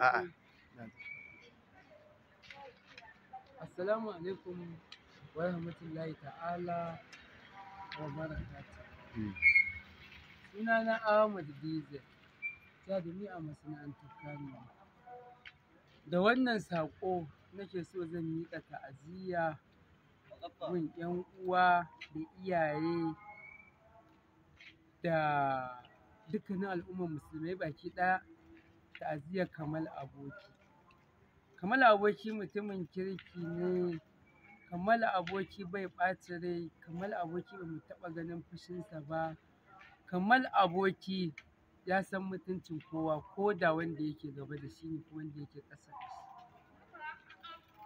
Asalamu assalamu alaikum wa rahmatullahi ta'ala wa barakatuh hmm. suna na Ahmad Dizel jadumi a masana'antar Kano da wannan saƙo nake so zan miƙa ta'aziyya mun 'yan uwa da iyaye da dukkanin al'ummar musulmai baki ɗaya ta'aziyar Kamal Aboki. Kamal Aboki mutumin kirki ne, Kamal Aboki bai ɓaci rai, Kamal Aboki bamu taɓa ganin fushinsa ba, Kamal Aboki ya san mutuncin kowa ko da wanda yake gaba da shi ne ko wanda yake ƙasa da shi.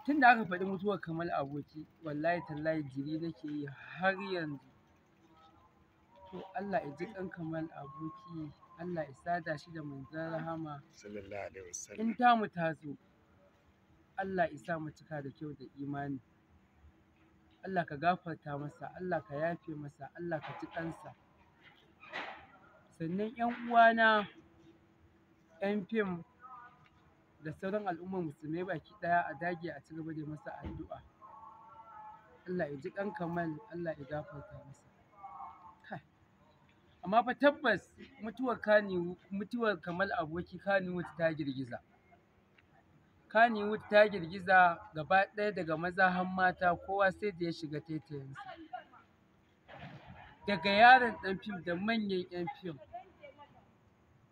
Tun da aka faɗi mutuwar Kamal Aboki, wallahi tallahi jiri nake yi har yanzu. To Allah ya ji ƙan Kamal Aboki. Allah ya sada shi da manzon rahama sallallahu alaihi wasallam in ta mu tazo Allah ya sa mu cika da kyau da imani Allah ka gafarta masa Allah ka yafe masa Allah ka ji kansa sannan yan uwana yan fim da sauran al'ummar musulmai baki ɗaya a dage a ci gaba da masa addu'a Allah ya ji ɗan kamal Allah ya gafarta masa amma fa tabbas mutuwar kani mutuwar Kamal Aboki wuta ta girgiza wuta ta girgiza gaba ɗaya daga maza har mata kowa sai da ya shiga taitayinsa daga yaron ɗan fim da manyan 'yan fim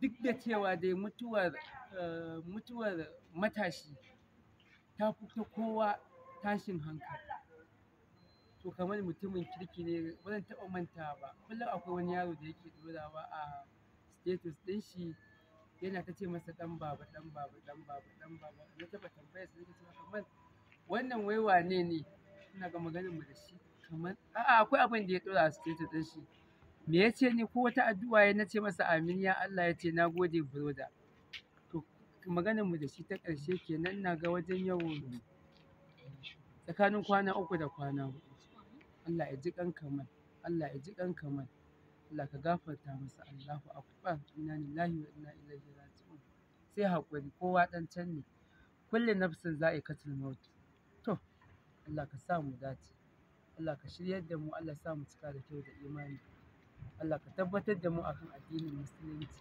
duk da cewa dai mutuwar eh, mutuwar matashi ta fi ta kowa tashin hankali to kamar mutumin kirki ne ba zan taɓa manta ba kullum akwai wani yaro da yake ɗorawa a status ɗin shi yana ta ce masa ɗan baba ɗan baba ɗan baba ɗan baba na taɓa tambayar sa nake cewa kamar wannan wai wane ne ina ga maganar mu da shi kamar a'a akwai abin da ya ɗora a status ɗin shi me ya ce ni ko wata addu'a ya na ce masa amin ya Allah ya ce na gode broda to maganar mu da shi ta ƙarshe kenan na ga wajen yawo tsakanin kwana uku da kwana huɗu Allah ya ji ƙan kamal Allah ya ji ƙan kamal Allah ka gafarta masa Allahu akbar inna lillahi wa inna ilaihi raji'un sai haƙuri kowa ɗan can ne kullu nafsin za'iqatul maut to Allah ka sa mu dace Allah ka shiryar da mu Allah sa mu cika da kyau da imani Allah ka tabbatar da mu akan addinin musulunci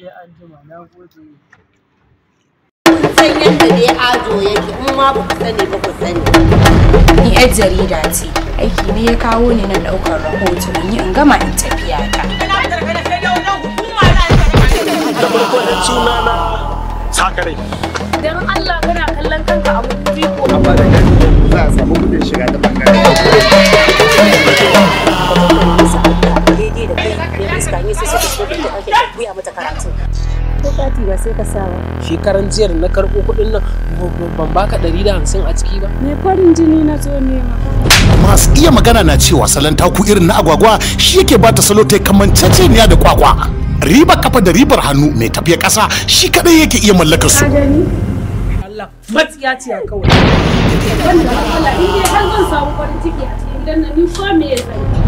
sai an jima na gode san yadda ne ajo yake in ma ba ku sani ba ku sani ni yar jarida ce aiki ne ya kawo ni na daukar rahoto ni in gama in tafiya ta. Allah kana kallon kanka a mutum ko. Amma da za a samu kudin shiga ta bangare. sai ka sa ba shekaran jiyar na karɓo kuɗin nan ban baka ɗari da hamsin a ciki ba me farin jini na zo nema masu iya magana na cewa salon taku irin na agwagwa shi yake ba ta salo ta kamanceceniya da kwakwa riba kafa da ribar hannu mai tafiya ƙasa shi kaɗai yake iya mallakar su Allah matsiya ce kawai. gidan nan ni ko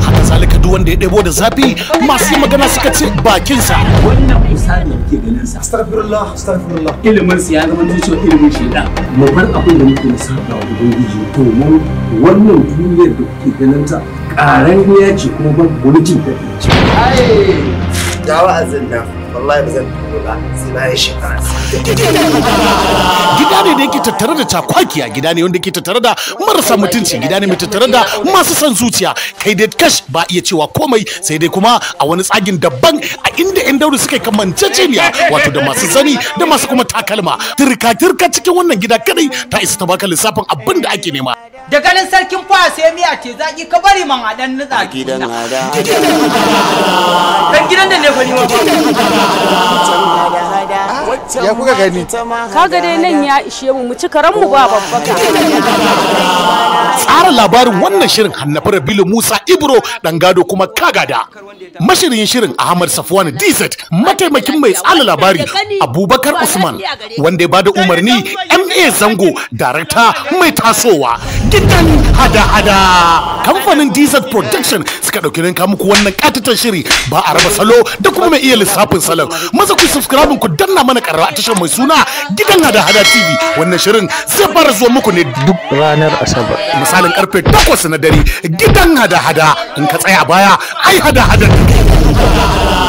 haka zalika duk wanda ya ɗebo da zafi masu magana suka ce bakinsa wannan misali da muke ganin sa astaghfirullah astaghfirullah ilimin sa ya zama cewa ilimin shedan mu bar abin da muke saba wa ubangiji to mu wannan duniyar da kuke ganin ta ƙarariya ce kuma ba wani jin daɗi ce dawa azin da wallahi ba zan tuba sai na yi shekara gida ne da yake tattare da cakwakiya gida ne wanda ke tattare da marasa mutunci gida ne mai tattare da masu son zuciya kai dai kash ba iya cewa komai sai dai kuma a wani tsagin daban a inda yan dauri suka kamanceceniya wato da masu sani da masu kuma takalma turka turka cikin wannan gida kadai ta isa ta baka lissafin abin da ake nema da ganin sarkin fa sai miya ce zaki ka bari man a dan nutsa gidan dan gidan da ne fa ni ya kuka gani kaga dai nan ya ishe mu mu ci karan mu ba babbaka tsara labarin wannan shirin Hannafar Rabilu Musa Ibro dan gado kuma kagada mashirin shirin Ahmad Safwan DZ mataimakin mai tsara labari Abubakar Usman wanda ya bada umarni MA Zango darakta mai tasowa gidan hada-hada kamfanin desert production suka ɗauki ranka muku wannan katatar shiri ba a raba salo da kuma mai iya lissafin salon maza ku subscribe ku danna mana karara a tashar mai suna gidan hada-hada tv wannan shirin zai fara zuwa muku ne duk ranar asabar misalin karfe takwas na dare gidan hada-hada in ka tsaya baya ai hada-hada